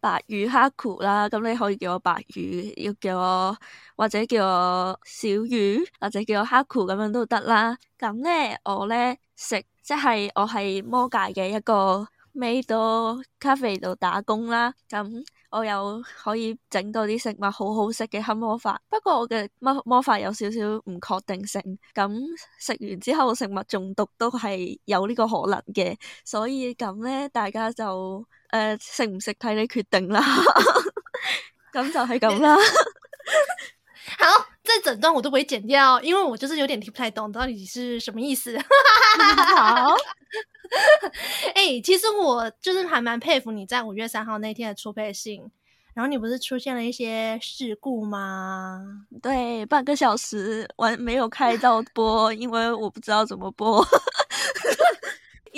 白雨、はくう啦，咁你可以叫我白雨，要叫我或者叫我小雨，或者叫我はくう咁樣都得啦。咁咧，我咧食即係我喺魔界嘅一個 maid cafe 度打工啦。咁我又可以整到啲食物好好食嘅黑魔法，不過我嘅魔魔法有少少唔確定性，咁食完之後食物中毒都係有呢個可能嘅，所以咁咧，大家就。呃，食唔食睇你決定啦，咁就係咁啦。 好，這整段我都唔會剪掉，因為我就是有點聽不太懂，到底是什麼意思。好，誒，其實我就是還蠻佩服你在五月三號那天的初配信，然後你不是出現了一些事故嗎？對，半個小時完沒有開到播， 因為我不知道怎麼播。